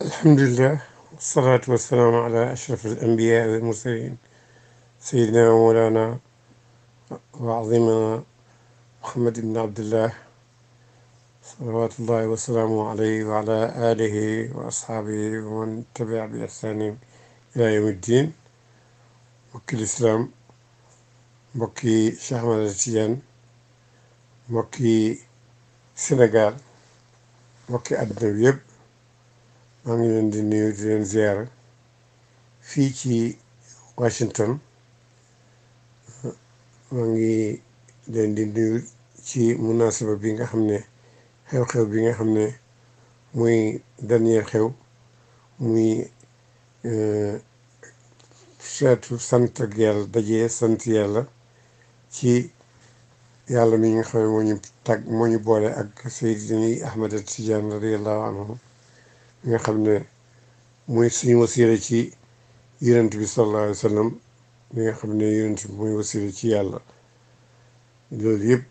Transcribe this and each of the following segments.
alhamdulilah wasalaatu wasalaamu ala ashraf al anbiya wal mursalin sayidina wa mawlana wa azimana muhammad ibn abdillah salawatullahi wasalaamu alayhi wa ala alihi wa ashaabihi wa man tabia bi ihsanin ila yawmi ddin mbokki lislaam mbokki Cheikh Ahmad Tidiane mbokki Sénégal mbokki àdduna bi yëpp maa ngi leen di nuyu di leen ziara fii ci Washington maa ngi leen di nuyu ci munasaba bi nga xam ne xew-xew bi nga xam ne muy dernier xew muy seetu eh, sant ak yàlla dajee sant yàlla ci yàlla mi nga xam ne moo ñu tag moo ñu boole ak Seydina Ahmad Tijaan radiyallahu anhu nga xam ne mooy suñu wasiila ci yonent bi sallallahu alayhi wa nga xam ne yonent bi mooy wasiila ci yàlla loolu yëpp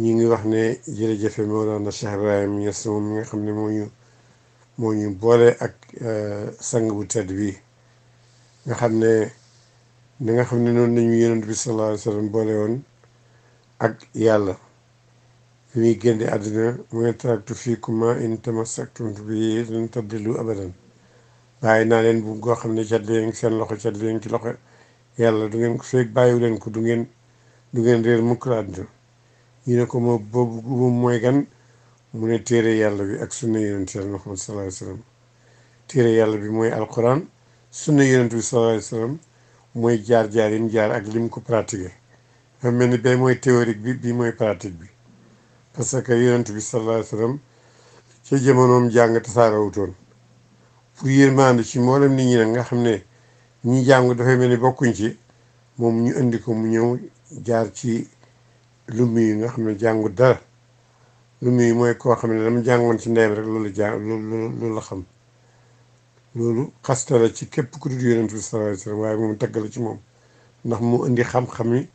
ñu ngi wax ne jërëjëfe Mawlana Cheikh Ibrahim Niass moom mi nga xam ne moo ñu moo ñu boole ak eh, sang bu tedd bi nga xam ne ni nga xam ne noonu lañu yonent bi sallallahu alayhi wa boole woon ak yàlla bi muy génde àddina mu ne taraktu fiikuma in tamassaktum bi lan tadillu abadan bàyyi naa leen bu goo xam ne catleen seen loxo catleen ci loxo yàlla du ngeen feeg bàyyiwu leen ko du ngeen du ngeen réer mukk la àddina ñu ne ko moo boobu mooy gan mu ne téere yàlla bi ak sunna yonent yàlla Muhammad sallallahu alayhi wa sallam téere yàlla bi mooy alquran sunna yonent bi sallallahu alayhi wa sallam mooy jaar-jaar yi mu jaar ak lim ko pratiqué dafa mel ni bee mooy théorique bi bii mooy pratique bi parce que yonent bi sallallahu alayhi wa sallam ca jamonoom jàng ci mboolem nit ñi nga xam ne ñi jàng dafay mel ni bokkuñ ci moom ñu indi ko mu ñëw jaar ci lumu yi nga xam ne jàngu dara lumu yi mooy koo xam ne dama jàngoon ci ndeyam rek loolu la xam loolu xasta la ci képp ku dul yonent bi waaye moom tagg la ci moom ndax mu indi xam-xam yi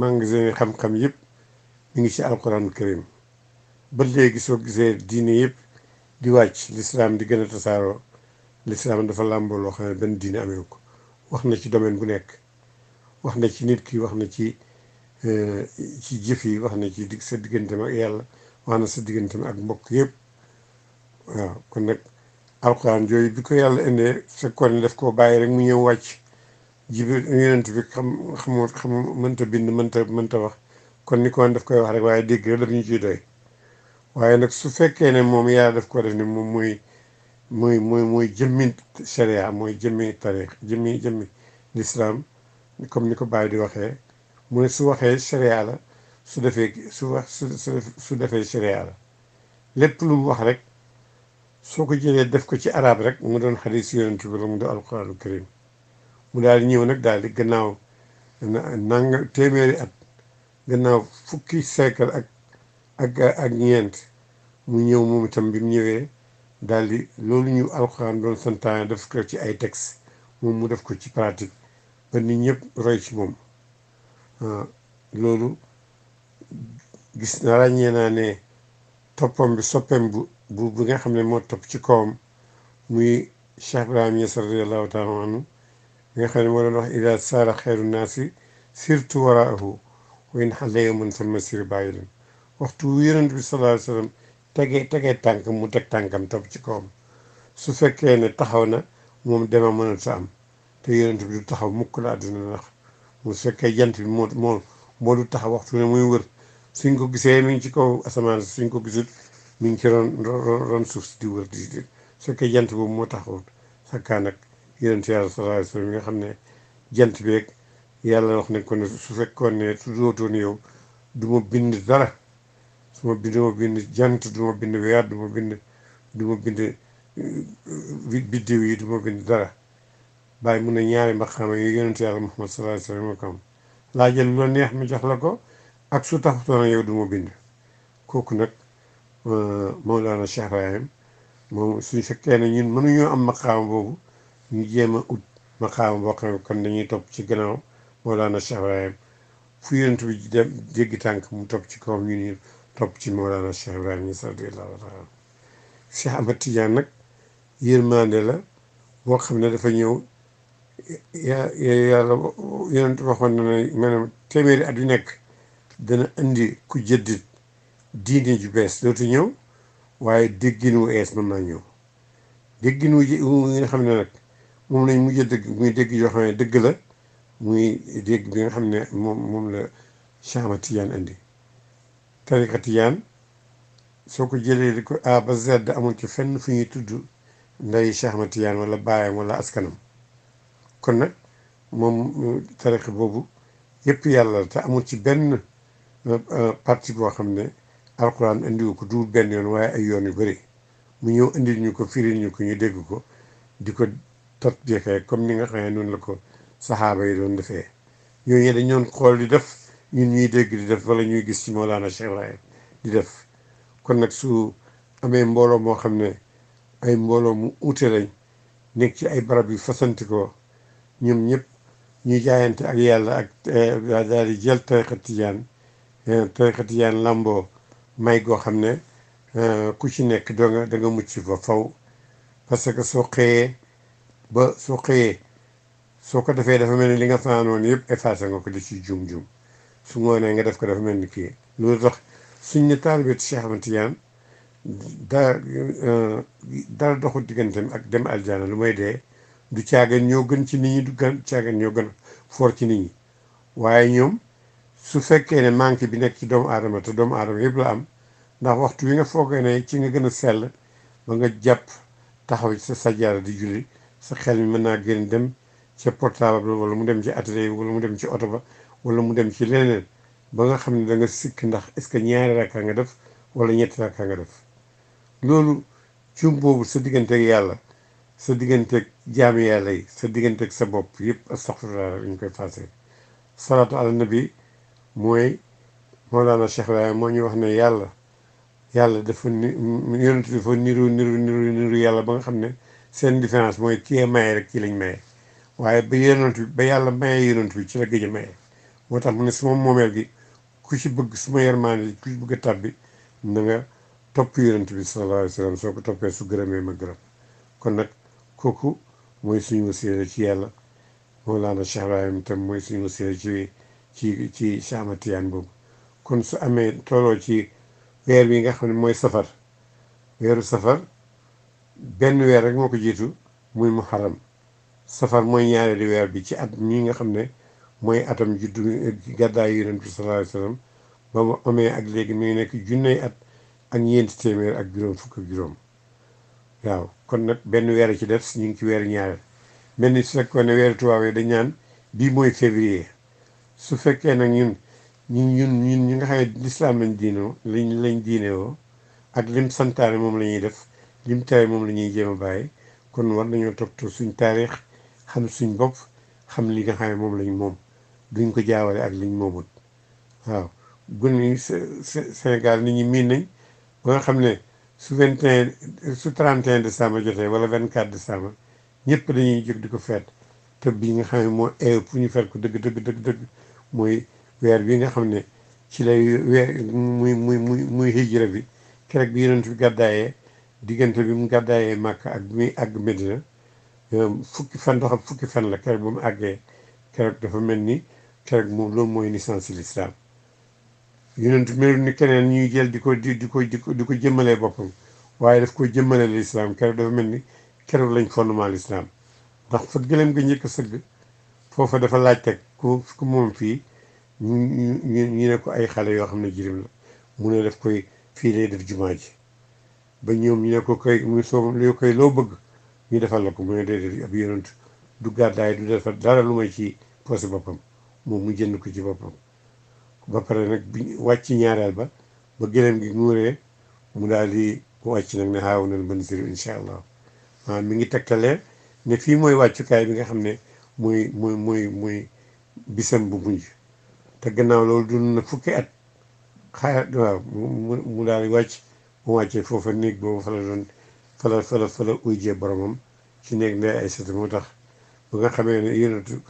magasin yi xam-xam yëpp mi ngi ci alquran karim ba léegi soo gisee diine yëpp di wàcc lislaam di gën a tasaaroo lislaam dafa làmboo loo xam ne benn diine amee ko wax na ci domaine bu nekk wax na ci nit ki wax na ci euh, ci jëf yi wax na ci dig sa digganteem ak yàlla wax na sa digganteem ak mbokk yépp waaw kon nag alquran yooyu bi ko yàlla indee fekkoon ne daf koo bàyyi rek mu ñëw wàcc jibi yonent bi xam xamoo xam mënta bind mënta mënta wax kon ni ko woon daf koy wax rek waaye dégg rek daf ñu ciy waaye nag su fekkee ne moom yàlla daf ko def ni moom muy muy muy muy jëmmi sharia mooy jëmmi tarix jëmmi jëmmi lislaam comme ni ko Baye di waxee mu ne su waxee sharia la su defee su wax su su defee sharia la lépp lu mu wax rek soo ko jëlee def ko ci arab rek mu doon xadiis yonent bi la mu doon alquraanu karim mu daal di ñëw nag daal di gannaaw nanga téeméeri at gannaaw fukki siècle ak ak ak ñeent mu ñëw moom itam bi mu ñëwee daal di loolu ñu alxuraan doon santaane def ko ci ay texte moom mu def ko ci pratique ba nit ñëpp roy ci moom ah, loolu gis na ràññee naa ne toppam bi soppeem bu bu bu nga xam ne moo topp ci kawam muy Cheikh Ibrahim Niass radiyallahu taala anhu bi nga xam ne moo doon wax ida saara xeeru naasi surtout waraahu win xale yamun fal masir bàyyi leen waxtu wu yonent bi sallallahu alayhi wa sallam tegee tegee tànk mu teg tànkam topp ci kawam su fekkee ne taxaw na moom dema mënul sa am te yonent bi du taxaw mukk la àddina ndax mu fekkee jant bi moo moo moo du taxaw waxtu ne muy wër suñ ko gisee mi ngi ci kaw asamaan suñ ko gisul mi ngi ci ron ron suuf si di wër di su fekkee jant boobu moo taxawoon sakkaa nag yonent yàlla sallallahu alayhi wa sallam yi nga xam ne jant beeg yàlla wax ne ko ne su fekkoon ne tuddootoon yow du bind dara su ma bind ma bind jant du bind weer du bind du ma bind eh, eh, biddiw yi du ma bind dara bàyyi mun na ñaari maqaama yooyu yonente yàlla Muhammad sallallahu alayhi wa sallam neex mi jox la ko ak su taxutoon yow du ma bind kooku nag eh, Mawlana Cheikh Ibrahim moom suñ fekkee ne ñun mënuñoo am maqaama boobu ñu jéem a ut maqaama boo xam ne dañuy topp ci gannaaw Mawlana Cheikh Ibrahim fu yonent bi dem tànk mu topp ci kawam ñu ni topp ci Mawlana Cheikh Ibrahim Niass radiyallahu taala Cheikh Ahmad Tidiane nag yërmande la boo xam ne dafa ñëw ya yàlla yonent téeméeri at yu nekk dana indi ku jëddit diine ju bees dootu ñëw waaye déggin wu ees mën naa ñëw déggin wu nga xam ne nag moom lañ mujj dëgg muy dégg yoo xam ne dëgg la muy dégg bi nga xam ne moom moom la Cheikh Ahmad Tidiane indi tariqa soo ko jëlee di ko A ba Z amul ci fenn fu ñuy tudd nday Cheikh Ahmad Tidiane wala baayam wala askanam kon nag moom tariqa boobu yëpp yàlla te amul ci benn euh, euh, parti boo xam ne alquran indiwu ko du benn yoon waaye ay yoon yu bëri mu ñëw indi ñu ko firil ñu ko ñu dégg ko di ko tatbiixee comme ni nga xam ne noonu la ko saxaaba yi doon defee ñooñu dañ doon xool di def ñun ñuy dégg di def walla ñuy gis ci Mawlana Cheikh Ibrahim di def kon nag su amee mbooloo moo xam ne ay mbooloo mu ute lañ nekk ci ay barab yu fasanti ko ñoom ñëpp ñu jaayante ak yàlla ak eh, daal di jël tariqa tijaan eh, tariqa tijaan lamboo may goo xam ne eh, ku ci nekk doo da nga mucc ko faw parce que soo xëyee ba soo xëyee soo ko defee dafa mel ni li nga fanaanoon yëpp effacé nga ko di ci jum-jum su ngoonee nga def ko dafa mel ni kii loolu tax suñ ne taalibeet see xamante Tijaan daa euh, dara doxu digganteem ak dem aljana lu may dee du caagan ñoo gën ci nit ñi du gën caagan ñoo gën for ci nit ñi waaye ñoom su fekkee ne manque bi nekk ci doomu aadama te doomu aadama yëpp la am ndax waxtu wi nga foogee ne ci nga gën a sell ba nga jàpp taxaw sa sajaara di julli sa xel mi mën naa génn dem ca portable wala mu dem ci atelier wala mu dem ci oto ba wala mu dem ci leneen ba nga xam ne danga nga sikk ndax est-ce que ñaari rakka nga def wala ñetti rakka nga def loolu cum boobu sa digganteeg yàlla sa digganteeg jaami yàlla yi sa digganteeg sa bopp yëpp astaxfirullah la ñu koy fase salaatu ala nabi mooy Mawlana Cheikh Ibrahim moo ñu wax ne yàlla yàlla dafa ni yonent dafa niru niru niru niru yàlla ba nga xam ne seen différence mooy kii maye rek ci lañ maye waaye ba yonent bi ba yàlla maye yonent bi ci la gëj a maye moo tax mu ne suma moomeel gi ku ci bëgg suma yermaane gi ku ci bëgg a tàbbi na nga topp yonent bi sallallahu alayhi wa sallam soo ko toppee su gërëmee ma gërëm kon nag kooku mooy suñu wasiila ci yàlla Mawlaana Cheikh Ibrahim tam mooy suñu wasiila ci ci ci Cheikh Ahmad Tijaan boobu kon su amee tooloo ci weer wi nga xam ne mooy safar weeru safar benn weer rek moo ko jiitu muy muharram safar mooy ñaareelu weer bi ci at mi nga xam ne mooy atam juddu gàddaay yonent bi sallallahu alayhi wa sallam ba mu amee ak léegi mi ngi nekk junney at ak ñeenti téeméer ak juróom fukk juróom waaw kon nag benn weer ci def ñu ngi ci weer ñaareel mel ni su fekkoon ne weeru tubaab yi dañ naan bii mooy février su fekkee nag ñun ñun ñun ñun ñi nga xam ne lislaam lañ diinoo lañ lañ diinewoo ak lim santaane moom la ñuy def lim tere moom la ñuy jéem a bàyyi kon war nañoo toppatoo suñ taarix xam suñ bopp xam li nga xam ne moom lañ moom duñ ko jaawale ak liñ moomut waaw gune yi Sénégal ni ñi miin nañ ba nga xam ne su vingt et su trente et un décembre jotee wala vingt quatre décembre ñëpp dañuy jóg di ko feet te bi nga xam ne moo eew pour ñu feet ko dëgg dëgg dëgg dëgg mooy weer bi nga xam ne ci lay weer muy muy muy muy hijra bi keroog bi yonent bi gàddaayee diggante bi mu gàddaayee Màkka ak bi muy àgg Euh, fukki fan doo xam fukki fan la keroog ba mu àggee keroog dafa mel ni keroog moom loolu mooy naissance l'islam yonent melu ni keneen ñuy jël di ko di di ko di ko di ko jëmmalee boppam waaye daf ko jëmmalee l'islam keroog dafa mel ni keroog lañ fondement l'islam ndax fa gëlëm nga njëkk a sëgg foofa dafa laaj teg ku moom fii ñu ñu ko ay xale yoo xam ne jirim la mu ne daf koy fii lay def jumaa ji ba ñoom ñu ne ko mu soog koy loo bëgg ñu defal la ko mu ne déedéet ab yonent du gàddaay du defal dara lu may ci poche boppam moom mu jënd ko ci boppam ba pare nag bi wàcc ñaareel ba ba gëléem gi muuree mu daal di wàcc nag ne xaaw nañ ban allah mi ngi tegtalee ne fii mooy wàccukaay bi nga xam ne mooy mooy mooy mooy bisam bu mujj te gannaaw loolu dund na fukki at xaar waaw mu mu daal di wàcc mu wàccee foofu néeg boobu fa la doon fala fala fala uy jee boromam ci néeg ndey ay sata moo tax ba nga xamee ne yonentu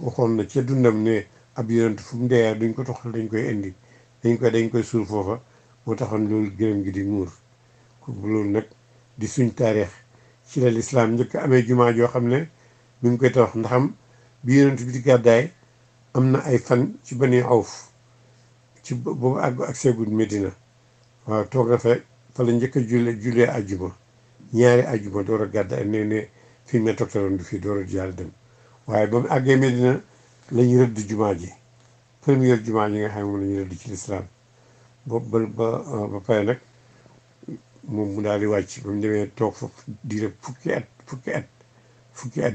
waxoon na ca dundam ne ab yonentu fu mu deeyaa duñ ko toxal dañ koy indi dañ koy dañ koy foofa moo taxoon loolu gërëm gi di muur loolu nag di suñ taarix ci la lislaam njëkk amee jumaa joo xam ne mi ngi koy tawax ndaxam bi yonent bi di gàddaay am na ay fan ci bani awf ci boobu àggu ak seegul Medina waaw toog na fa fa njëkk a julle ak àjjuma ñaari ajjuma door a gàdda ne ne fi mu ne toogtaloon door a jaal dem waaye ba mu àggee Medina la ñu rëdd jumaa ji première jumaa ji nga xam ne moom la ñu rëdd ci lislaam ba nag moom daal di wàcc ba at fukki at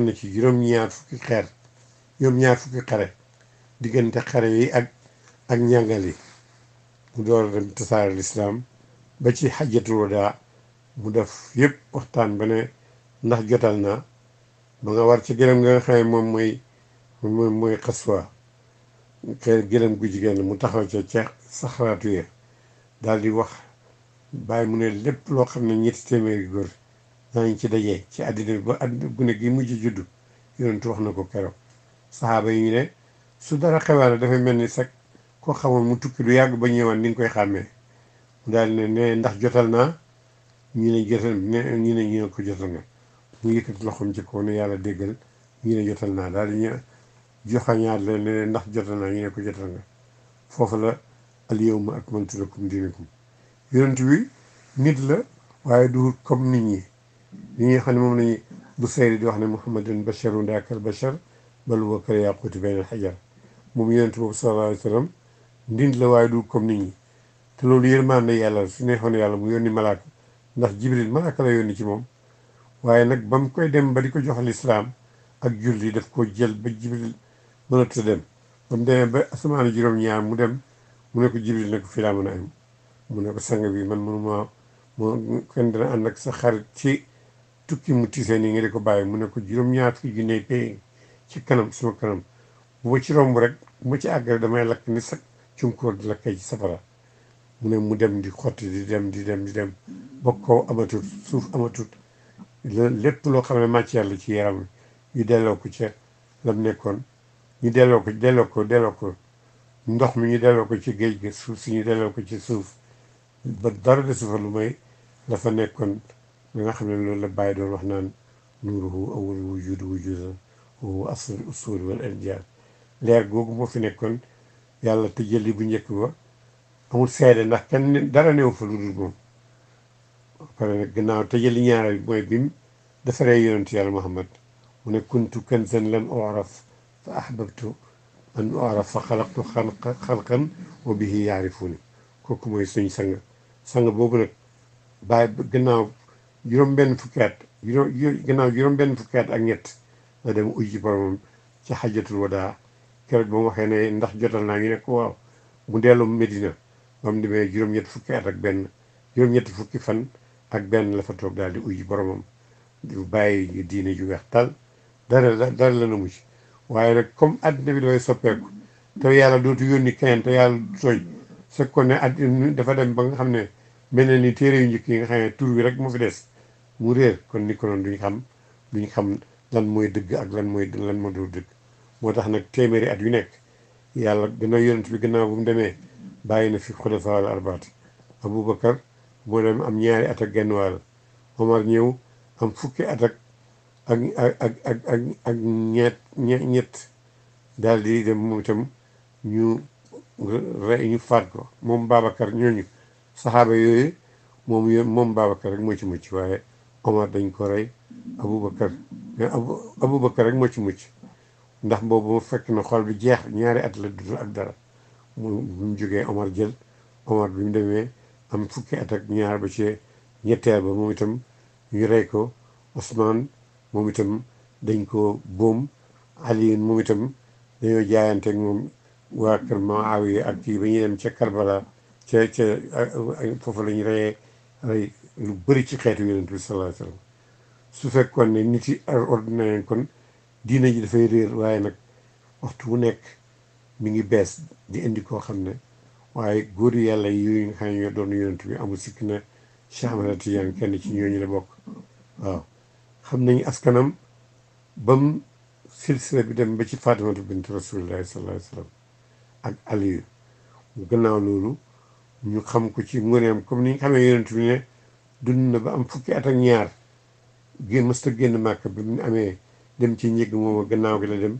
na ci juróom-ñaar fukki xeer juróom diggante xare yi ak ak njàngal yi ci xajjatul wadaa mu def yépp waxtaan ba ne ndax jotal naa ba nga war ci gëlëm nga nga moom mooy moom mooy xaswa xëy gëlëm gu jigéen mu taxaw ca ca saxaraatu ya daal di wax bàyyi mu ne lépp loo xam ne ñetti téeméeri góor danañ ci dajee ci àddina bi ba àddina gune gi mujj juddu yonentu wax na ko keroog saxaaba yi ñu ne su dara xewaana dafay mel ni sax koo xamoon mu tukki du yàgg ba ñëwaan ni nga koy xàmmee mu daal ne ne ndax jotal naa ñu ne jotal ñu ne ñu ne ko jotal na mu yëkkati loxoom ci kaw ne yàlla déggal ñu ne jotal naa daal di ñu joxañaat la ne ndax jotal naa ñu ko jotal nga foofu la al yawma akmaltu lakum diinakum yonent bi nit la waaye du comme nit ñi li ñuy xam ne moom lañu bu sayri di ne muhammadun basharun daakal bashar bal huwa kal yaaquuti bayna al moom yonent boobu sallallahu alayhi la waaye du comme nit ñi te loolu yërmande yàlla su neexoon yàlla mu yónni malaaka ndax jibril malaaka la yónni ci moom waaye nag ba mu koy dem ba di ko jox lislaam ak julli daf koo jël ba jibril mënata dem ba mu demee ba asamaanu juróom-ñaar mu dem mu ne ko jibril ne ko fii laa mën a am mu ne ko sang bi man mënuma moo kenn dana ànd ak sa xarit ci tukki mu tiisee nii nga di ko bàyyi mu ne ko juróom-ñaar fukki junne ci kanam suma kanam bu ma ci romb rek bu ci àgg damay lakk ni sa cunkóor di lakkee ci safara mu ne mu dem di xotti dem di dem di dem bokkoo amatut suuf amatut lépp loo xam ne matière la ci yaram ñu delloo ko ca lam nekkoon ñu delloo ko delloo ko delloo ko ndox mi ñu delloo ko ci géej gi suuf si ñu delloo ko ci suuf ba dara desu fa lu may la fa nekkoon li nga xam ne loolu la bàyyi doon wax naan nuuruhu awwal wujud wujudan wa huwa aslul usuli wal anjaam leer googu moo fi nekkoon yàlla te jëli bu njëkk ba amul seede ndax kenn dara néew fa lu dul moom pare nag gannaaw tëjali ñaareel mooy bim defaree yonent yàlla Muhammad mu ne kuntu kanzan lam oraf fa ahbabtu an oraf fa xalaqtu xalqan wa bihi yaarifuni kooku mooy suñ sang sang boobu nag bàyyi gannaaw juróom-benn fukki at ak ñett la dem ujji boromam ci xajatul wadaa keroog ba mu waxee ne ndax jotal naa ñu ne ko waaw mu dellu Medina ba mu demee juróom-ñett fukki at ak benn juróom-ñett fukki fan. ak benn la fa toog daal di uyu boromam du bàyyi ñu diine ju weex tal dara dara la na ci waaye nag comme àddina bi dafay soppeeku te yàlla dootu yónni keneen te yàlla du tooñ su ko ne àddina dafa dem ba nga xam ne mel na ni téere yu njëkk yi nga xam ne tur bi rek mu fi des mu réer kon ni ko noonu duñ xam duñ xam lan mooy dëgg ak lan mooy lan moo dul dëgg moo tax nag téeméeri at yu nekk yàlla gannaaw yonent bi gannaaw bu mu demee bàyyi na fi xulafa al arbaat aboubacar boo dem am ñaari at ak genn wàll Omar ñëw am fukki at ak ak ak ak ñett ñett di dem moom itam ñu faat ko moom Babacar ñooñu saxaaba yooyu moom yoon moom Babacar rek moo ci mucc waaye Omar dañ ko rey Aboubacar Aboubacar moo ci mucc ndax boobu fekk na xol bi jeex ñaari at la dund ak dara mu mu jógee Omar jël Omar bi mu demee. am fukki at ak ñaar ba ci ñetteel ba moom itam ñu rey ko Ousmane moom itam dañ ko boom Aliyu moom itam dañoo jaayante ak moom waa kër Muawiya ak kii ba ñuy dem ca Karbala ca ca foofu la ñu reyee lu bëri ci xeetu yonent bi sallallahu alayhi wa sallam su fekkoon ne nit yi ordinaire kon diina ji dafay réer waaye nag waxtu wu nekk mu ngi bees di indi koo xam ne waaye góor yàlla yi nga xam ne ñoo doon yonent bi amul sikk na Cheikh Ahmed Tidiane kenn ci ñu la bokk waaw xam nañu askanam bam silsila bi dem ba ci Fatimatu bint Rasulillahi sallallahu alayhi ak Aliyu mu gannaaw loolu ñu xam ko ci ngoneem comme ni ñu xamee yonent bi ne dund na ba am fukki at ñaar génn génn màkk bi mu amee dem ci njëgg moom gannaaw gi la dem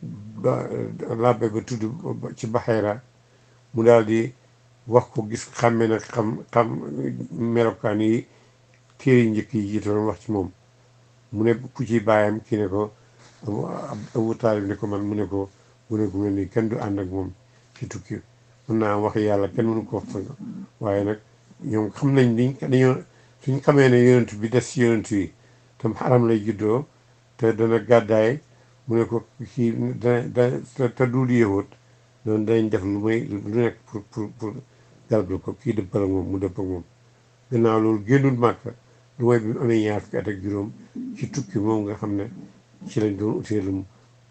ba ba tudd ci Baxeera mu daal di wax ko gis xàmme nag xam xam melokaan yi téere njëkk yi jiitaloon wax ci moom mu ne ku ci baayam kii ne ko abu bi ne ko man mu ne ko mu ku mel nii kenn du ànd ak moom ci tukki mën naa wax yàlla kenn mënu ko wax waaye nag ñoom xam nañ liñ dañoo suñ xamee ne yonent bi des ci yonent yi tam xaram lay juddoo te dana gàddaay mu ne ko kii dana te du yëwoot loolu dañ def lu may lu nekk pour pour pour ko kii dëppal ak moom mu dëpp moom gannaaw loolu génnul màkka lu may bi mu amee ñaar fukki at juróom ci tukki moom nga xam ne ci lañ doon uteelum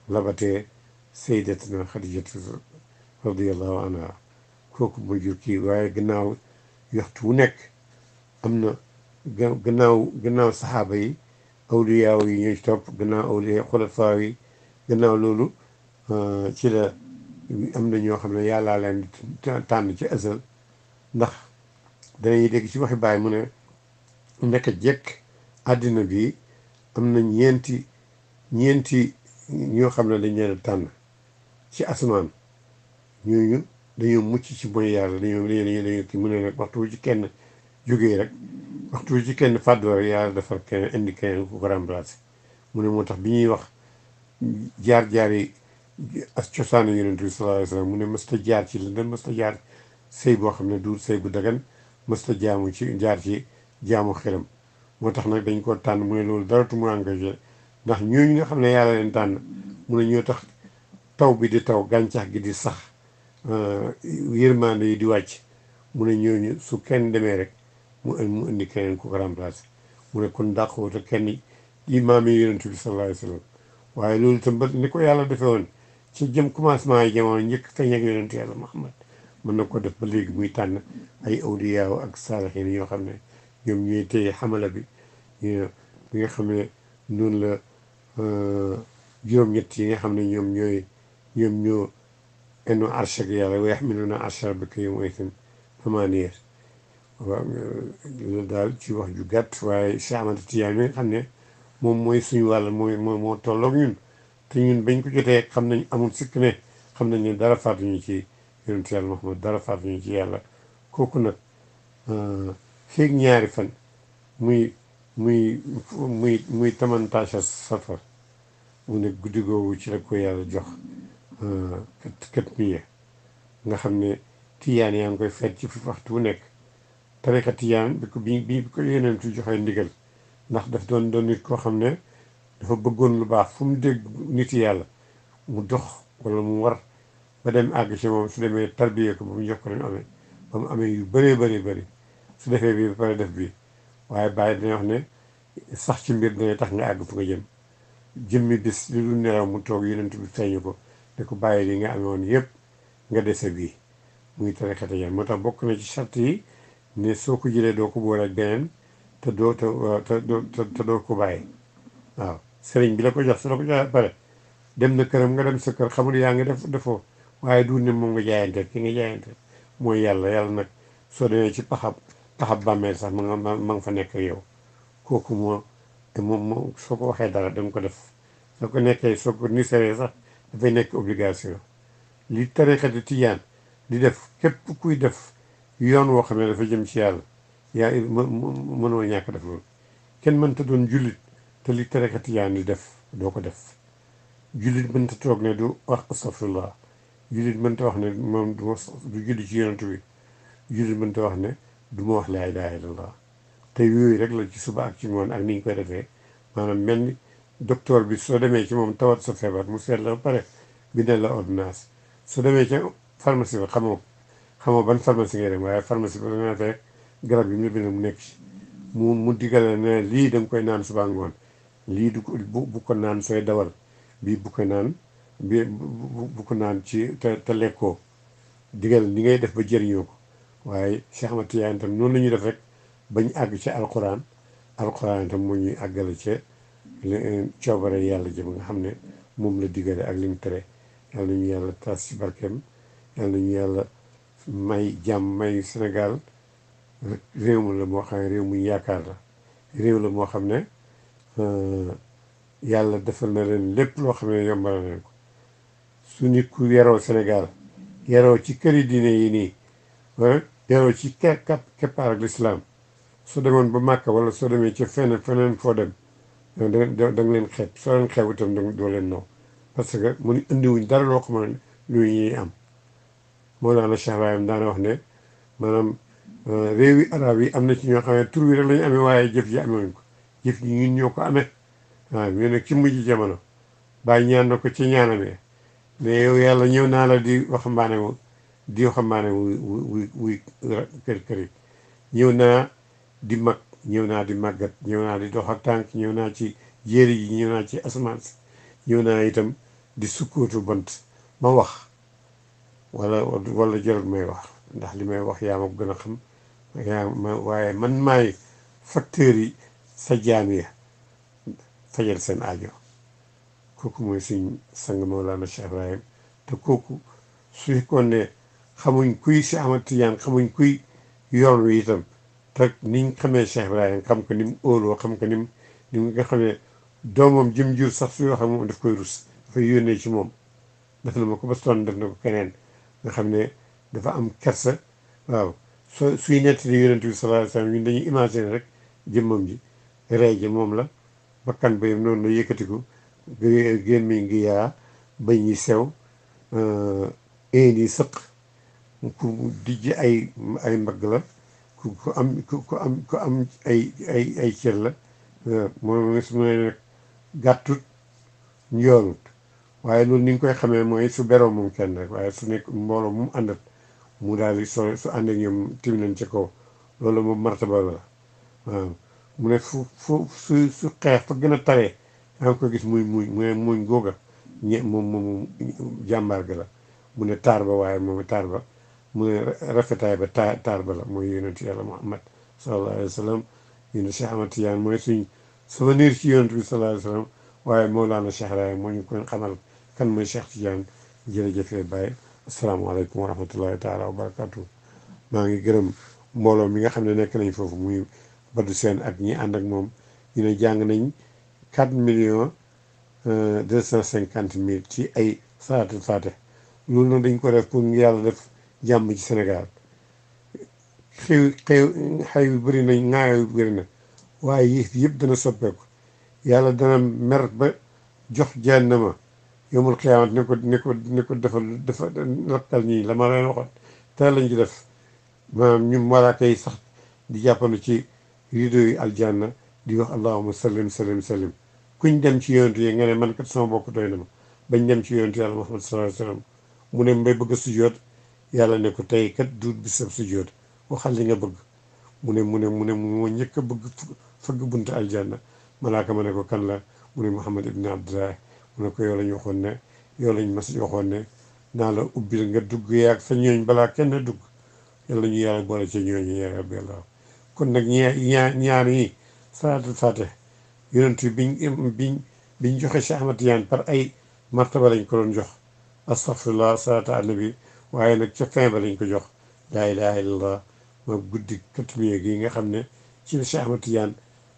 labatee sayyidatuna Xadijatu radiyallahu anha kooku mooy jur kii waaye gannaaw waxtu wu nekk am na gannaaw saxaaba yi awliyaaw yi ñooy topp gannaaw awliya xulafaa yi gannaaw loolu ah, ci la. am na ñoo xam ne yàllaa leen di tànn ci asal ndax danañuy dégg ci waxi bàyyi mu ne nekk jekk àddina bi am na ñeenti ñeenti ñoo xam ne dañ leen tànn ci asmaan ñooñu dañoo mucc ci mooy yàlla dañoo dañoo dañoo kii mu ne nag waxtu ci kenn jógee rek waxtu ci kenn fàddoo rek yàlla defar kenn indi kenn ku ko remplacé mu ne moo tax bi ñuy wax jaar-jaar yi. as cosaanu yonent bi sallallahu alayhi ne mësta jaar ci jaar sëy boo xam ne duur sëy bu dagan mësta jaamu ci jaar ci jaamu xelam moo tax nag dañ ko tànn mu ne loolu dara tu mu engagé ndax nga xam ne yàlla leen mu ne ñoo tax taw bi di taw gàncax gi di sax euh, yërmande yi di wàcc mu ne ñooñu su kenn demee rek mu mu indi keneen ku ko remplacé mu ne kon dàqoo te kenn imaam yi waaye loolu itam ba ni ko yàlla defee woon ci jëm commencement yi jamono njëkk feeñ ak yonent yàlla Muhammad mën na ko def ba léegi muy tànn ay awliyaaw ak saalixiin yoo xam ne ñoom ñooy téye xamala bi bi nga xam ne noonu la euh, juróom-ñett yi nga xam ne ñoom ñooy ñoom ñoo enu arsh ak yàlla wa yaxmiluuna arsha rabbika waaw loolu daal ci wax ju gàtt waaye Cheikh Ahmad Tidiane mi xam ne moom mooy suñu wàll mooy moo moo ñun te ñun bañ ko jotee xam nañ amul sikk ne xam nañ ne dara faatuñu ci yonent yàlla Muhammad dara faatuñu ci yàlla kooku nag euh, feeg ñaari fan muy muy muy muy tamantaasha safar mu nekk guddi googu ci la ko yàlla jox euh, kat kat miya nga xam ne tiyaan yaa ngi koy feet ci waxtu wu nekk tarika tiyaan bi ko bi bi ko yeneen tu joxee ndigal ndax daf doon doon nit koo xam ne dafa bëggoon lu baax fu mu dégg nit yàlla mu dox wala mu war ba dem àgg ci moom su demee tarbiye ko ba mu jox ko dañu amee ba mu amee yu bëree bëri bëri su defee bii ba pare def bii waaye bàyyi dana wax ne sax ci mbir dana tax nga àgg fu nga jëm jëmmi bis li lu nelaw mu toog yonent feeñu ko ne ko bàyyi li nga amee woon yëpp nga dese bii muy tarixa tijaan moo tax bokk na ci sart yi ne soo ko jëlee doo ko boole ak beneen te doo te te doo ko bàyyi sëriñ bi la ko jox su la ko joxee pare dem na këram nga dem sa kër xamul yaa ngi def defoo waaye du ne moom nga jaayante ki nga jaayante moo yàlla yàlla nag soo demee ci paxab paxab bàmmeel sax ma nga ma nga fa nekk yow kooku moo te moom moom soo ko waxee dara danga ko def soo ko nekkee soo ko nisaree sax dafay nekk obligation li tariqati tijaan di def képp kuy def yoon woo xam ne dafa jëm ci yàlla yaa mënoo ñàkk def loolu kenn mënta doon jullit te li tariqa tijaan yi def doo ko def jullit mënta toog ne du wax astafirullah jullit mënta wax ne moom du du julli ci yonent bi jullit mënta wax ne du ma wax laa ilaha illallah te yooyu rek la ci suba ak ci ngoon ak ni ñu koy defee maanaam mel ni docteur bi soo demee ci moom tawat sa feebar mu seet la ba pare bindal la ordonnance soo demee ca pharmacie ba xamoo xamoo ban pharmacie ngay dem waaye pharmacie ba dana fekk garab yi mu la bind mu nekk ci mu mu digale ne lii da nga koy naan suba ngoon lii du bu bu naan sooy dawal bii bukk naan bi bu naan ci te te lekkoo digal ni ngay def ba jëriñoo ko waaye Cheikh Ahmad Tidiane tam noonu la ñuy def rek ba ñu àgg ci moo ñuy àggale ca eh, coobare yàlla jëm nga xam ne moom la digale ak li mu tere yàlla nañu yàlla taas ci barkeem yàlla nañu yàlla may jàmm may Sénégal réew mi la moo xam ne réew mu yaakaar la réew la moo xam ne. Euh, yàlla defal na leen lépp loo xam ne yombal na leen ko su nit ku yaraw senegal yaroo ci këri diine yi nii wala yaroo ci kepp keppaar ak lislaam soo demoon ba Màkka wala soo demee ca feneen feneen foo dem da nga leen xeeb soo leen xeeb itam doo leen naw parce que mu indiwuñ dara loo xam ne lu ñuy am moo daana Cheikh Ibrahim daana wax ne maanaam euh, réewi arab yi am na ci ñoo xam ne tur wi rek la ñu amee waaye jëf ji amewuñ ko jëf ji ñun ñoo ko amee waaw ñu ne ci mujj jamono bàyyi ñaan na ko ci ñaanamee mais yàlla ñëw naa la di waxambaane wu wu wu wu yi ñëw naa di mag ñëw naa di màggat ñëw naa di dox tànk ñëw naa ci jéeri yi ñëw naa ci asamaan si ñëw naa itam di sukkootu ma wax wala wala jarul may wax ndax li may wax yaa ma gën a xam yaa ma waaye man maay facteurs yi sa jaam ya fajal seen aajo kooku mooy suñ sang Mawlana Cheikh Ibrahim te kooku su fekkoon ne xamuñ kuy si Ahmad Tijaan xamuñ kuy yoon wi itam te niñ xamee Cheikh Ibrahim xam ko ni mu óoloo xam ko ni ni nga xamee doomam jëm jur sax su yoo xam moom daf koy rus dafay yónnee ci moom def na ma ko bastoon def na ko keneen nga xam ne dafa am kersa waaw soo suy nett di yonent bi sallallahu alayhi wa sallam ñun dañuy imaginer rek jëmmam ji rey ji moom la bakkan ba noonu la yëkkatiku gémmiñ ngi yaa bëñ yi sew een euh, yi sëq ku dijj ay ay mbagg la ku ku am ku am ay ay cër la euh, moom nga su ma nag gàttut njoolut waaye loolu ni koy xamee mooy su beroo moom kenn rek waaye su nekk mbooloo mu àndat mu daal di so su ànd ak ñoom tim nañ ca kaw loolu moom martaba la waaw mu ne fu fu su su xeex fa gën a taree da nga ko gis muy muy mu ne muñ googa jàmbaar ga la mu ne taar ba waaye moom taar ba mu ne rafetaay ba taar taar ba la mooy yonent yàlla Muhammad sallallahu alayhi wa sallam yéen Cheikh Ahmad Tidiane mooy suñ souvenir ci yonent bi sallallahu alayhi wa sallam waaye Mawlana Cheikh Raye moo ñu ko xamal kan mooy Cheikh Tidiane jërëjëfee Baye asalaamaaleykum wa rahmatullahi taala wa barakatuh maa ngi gërëm mbooloo mi nga xam ne nekk nañ foofu muy Badou Sène ak ñi ànd ak moom ñu ne jàng nañ 4 millions euh, cinquante mille ci ay salaatul faatih loolu nag dañ ko def pour yàlla def jàmm ci senegal xew xew xew yu bëri nañ ŋaayoo yu bëri na waaye yëf yëpp dana soppeeku yàlla dana mer ba jox jahannama yowmul xiyaamat ne ko ne ko ne ko defal dafa lakkal ñii la ma leen waxoon teel lañ ci def maanaam ñu malaaka yi sax di jàppandu ci rideau aljanna di wax allahuma sallim sallim sallim kuñ dem ci yonent yi nga ne man kat sama bopp doy na ma bañ dem ci yonent yàlla muhammad sallallahu alayhi wasallam mu ne mbay bëgg a sujjoot yàlla ne ko tey kat duut bi sab sujjoot waxal li nga bëgg mu ne mu ne mu ne moo njëkk a bëgg fëgg buntu aljanna malaaka ma ne ko kan la mu ne muhammad ibn abdullah mu ne ko yow lañu waxoon ne yow lañ mas waxoon ne naa la ubbil nga dugg yaag sa ñooñ balaa kenn dugg yàlla ñu yàlla boole ca ñooñu yaa rabbi allah kon nag ñaar ñaar yi salaatul faatih yonent bi biñ biñ joxe Cheikh Ahmad Tijaan par ay martaba lañ ko doon jox astaghfirullah salaatu annabi waaye nag ca fin ba lañ ko jox laa ilaha illallah moom guddi katmiya gi nga xam ne ci la Cheikh Ahmad Tijaan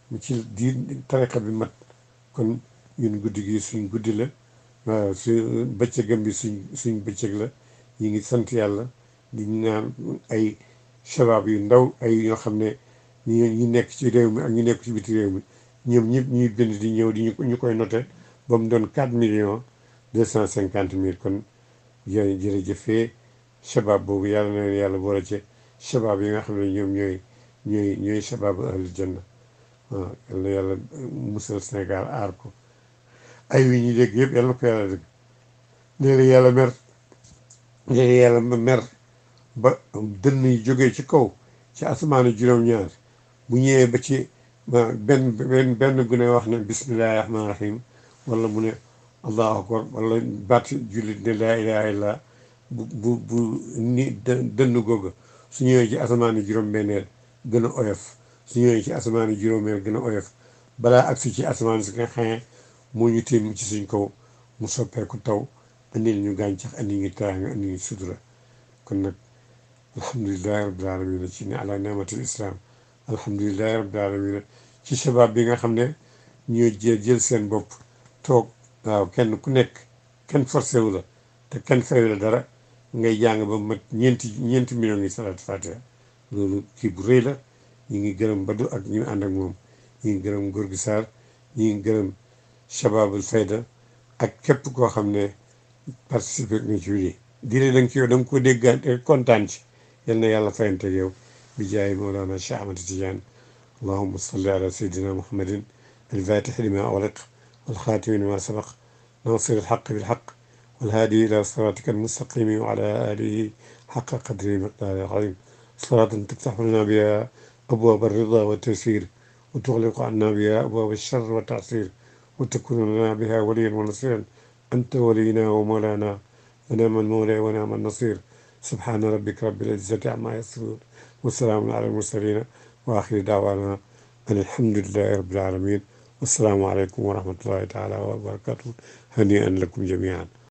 mu ci diir tariqa bi mat kon ñun guddi gi suñ guddi la su bëccëgam bi suñ suñ bëccëg la ñu ngi sant yàlla di naan ay shabaab yu ndaw ay yoo xam ne ñu nekk ci réew mi ak ñu nekk ci biti réew mi ñoom ñëpp ñuy bind di ñëw di ñu koy noté ba mu doon 4 millions 250 mille kon yéen jërëjëfee shabab boobu yàlla na yàlla boole ci shabab yi nga xam ne ñoom ñooy ñooy ñooy shababu ahlul janna yàlla musal Sénégal aar ko ay wi ñu dégg yëpp yàlla ko yàlla dégg léeg yàlla mer léeg-léeg yàlla mer ba dënn jógee ci kaw ci asamaanu juróom-ñaar bu ñëwee ba ci benn benn benn bu wax na bismillahi rahmaani rahim wala mu ne allahu akbar wala baat jullit ne laa ilaha illa bu bu bu ni dënn googa su ñëwee ci asamaani juróom-benneel gën a oyof su ñëwee ci asamaani juróomeel gën a oyof balaa si ci asamaan si nga xamee moo ñu tiim ci suñ kaw mu soppeeku taw andil ñu gàncax andi ñu teraanga andi ñu sutura kon nag alhamdulilahi rabbil alamin ci ne ala ni'matul alhamdulilahi rabbil alamin ci shabab bi nga xam ne ñoo jël jël seen bopp toog waaw kenn ku nekk kenn forcé la te kenn fay la dara ngay jàng ba mat ñeenti ñeenti millions yi salaatu fatiha loolu kii bu rëy la ñu ngi gërëm Badu ak ñu ànd ak moom ñu ngi gërëm góor gi Sarr ñu ngi gërëm Shababul Fayda ak képp koo xam ne participer nga ci lii. di leen da nga ci yow da ko dégg kontaan ci yal na yàlla fayante yow. بجاه مولانا شيخ أحمد التجان اللهم صل على سيدنا محمد الفاتح لما أغلق والخاتم لما سبق ناصر الحق بالحق والهادي إلى صراطك المستقيم وعلى آله حق قدره مقداره العظيم صراط تفتح لنا بها أبواب الرضا والتيسير وتغلق عنا بها أبواب الشر والتعسير وتكون لنا بها وليا ونصيرا أنت ولينا ومولانا ونعم المولى ونعم النصير سبحان ربك رب العزة عما يصفون wa salaamun ala al-mursaliin wa aaxiru daawaana an alhamdulillahi rabbil aalamiin wassalaamu aleykum wa rahmatullahi taala wa barakaatu hanii'an lakum jamii'an